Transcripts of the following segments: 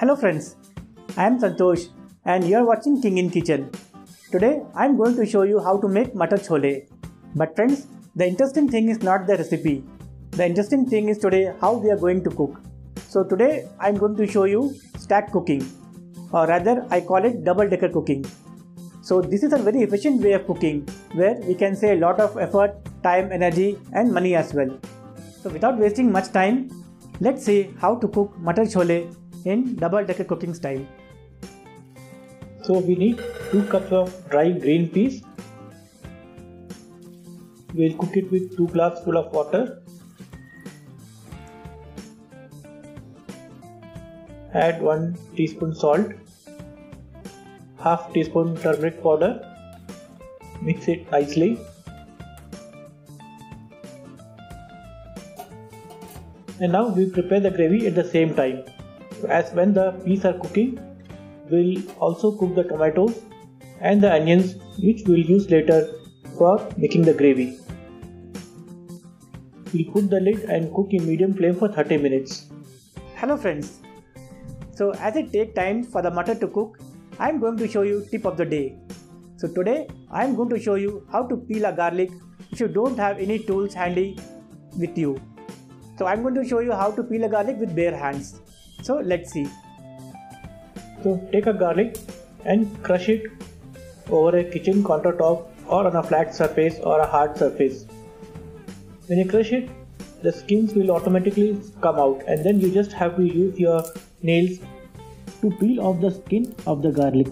Hello friends, I am Santosh and you are watching King in Kitchen. Today I am going to show you how to make matar chole. But friends, the interesting thing is not the recipe. The interesting thing is today how we are going to cook. So today I am going to show you stack cooking or rather I call it double decker cooking. So this is a very efficient way of cooking where we can save a lot of effort, time, energy and money as well. So without wasting much time, let's see how to cook matar chole in double decker cooking style. So we need 2 cups of dry green peas. We will cook it with 2 glass full of water. Add 1 teaspoon salt, half teaspoon turmeric powder. Mix it nicely. and now we prepare the gravy at the same time as when the peas are cooking we'll also cook the tomatoes and the onions which we'll use later for making the gravy. We'll put the lid and cook in medium flame for 30 minutes. Hello friends. So as it takes time for the mutton to cook, I am going to show you tip of the day. So today I am going to show you how to peel a garlic if you don't have any tools handy with you. So I am going to show you how to peel a garlic with bare hands. So let's see. So take a garlic and crush it over a kitchen countertop or on a flat surface or a hard surface. When you crush it, the skins will automatically come out and then you just have to use your nails to peel off the skin of the garlic.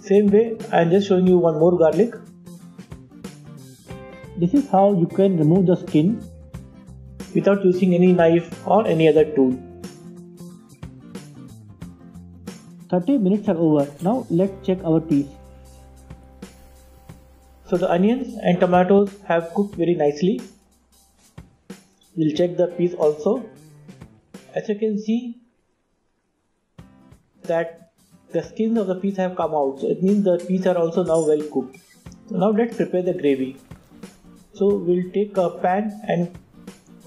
Same way, I am just showing you one more garlic. This is how you can remove the skin without using any knife or any other tool. 30 minutes are over. Now let's check our piece. So the onions and tomatoes have cooked very nicely. We'll check the piece also. As you can see that the skins of the piece have come out. So it means the piece are also now well cooked. So now let's prepare the gravy. So we'll take a pan and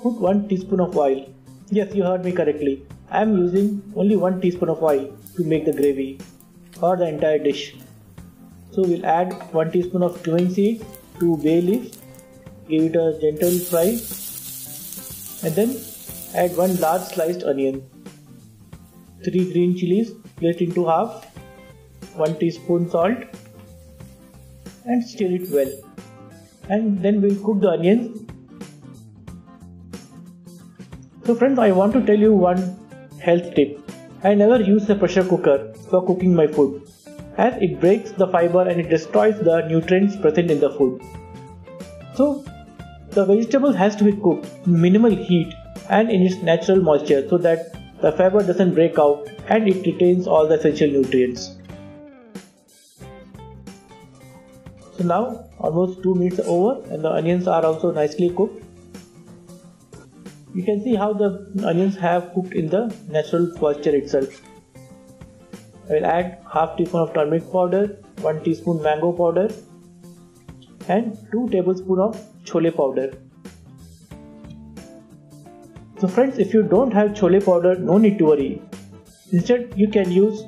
put 1 teaspoon of oil. Yes, you heard me correctly. I am using only 1 teaspoon of oil to make the gravy or the entire dish. So we'll add 1 teaspoon of cumin seed, 2 bay leaves, give it a gentle fry and then add 1 large sliced onion, 3 green chilies split into half, 1 teaspoon salt and stir it well and then we'll cook the onions so friends, I want to tell you one health tip. I never use a pressure cooker for cooking my food as it breaks the fiber and it destroys the nutrients present in the food. So the vegetable has to be cooked in minimal heat and in its natural moisture so that the fiber doesn't break out and it retains all the essential nutrients. So now almost 2 minutes over and the onions are also nicely cooked you can see how the onions have cooked in the natural posture itself. I will add half teaspoon of turmeric powder, 1 teaspoon mango powder and 2 tablespoon of chole powder. So friends if you don't have chole powder no need to worry. Instead you can use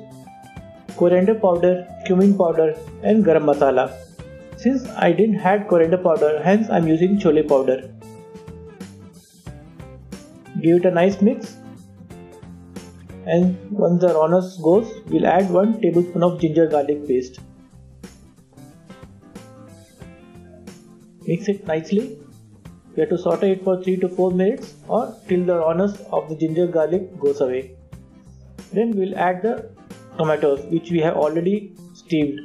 coriander powder, cumin powder and garam masala. Since I didn't had coriander powder hence I am using chole powder give it a nice mix and once the rawness goes we'll add 1 tablespoon of ginger garlic paste mix it nicely we have to saute it for 3 to 4 minutes or till the rawness of the ginger garlic goes away then we'll add the tomatoes which we have already steamed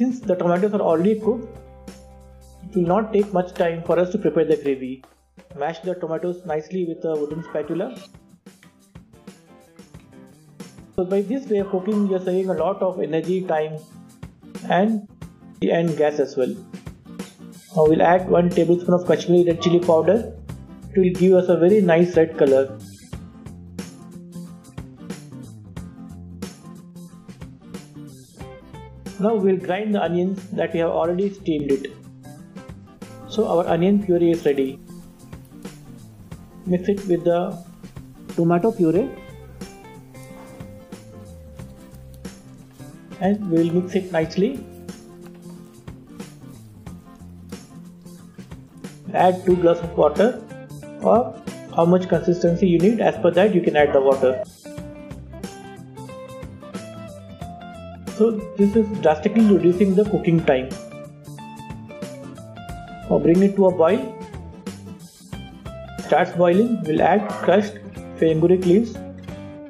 since the tomatoes are already cooked it will not take much time for us to prepare the gravy Mash the tomatoes nicely with a wooden spatula. So by this way of cooking you are saving a lot of energy, time and, and gas as well. Now we'll add 1 tablespoon of Kashmiri red chili powder. It will give us a very nice red color. Now we'll grind the onions that we have already steamed it. So our onion puree is ready mix it with the tomato puree and we'll mix it nicely add 2 glass of water or how much consistency you need as per that you can add the water so this is drastically reducing the cooking time now bring it to a boil starts boiling, we'll add crushed fenugreek leaves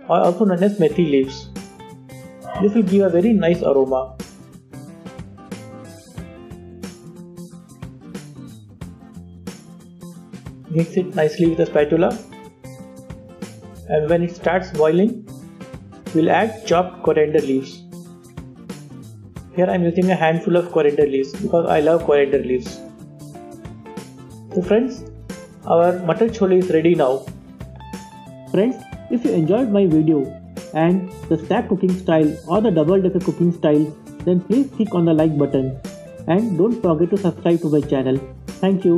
or also known as methi leaves. This will give a very nice aroma. Mix it nicely with a spatula and when it starts boiling, we'll add chopped coriander leaves. Here I am using a handful of coriander leaves because I love coriander leaves. So friends, our mutton chole is ready now. Friends, if you enjoyed my video and the stack cooking style or the double decker cooking style, then please click on the like button and don't forget to subscribe to my channel. Thank you.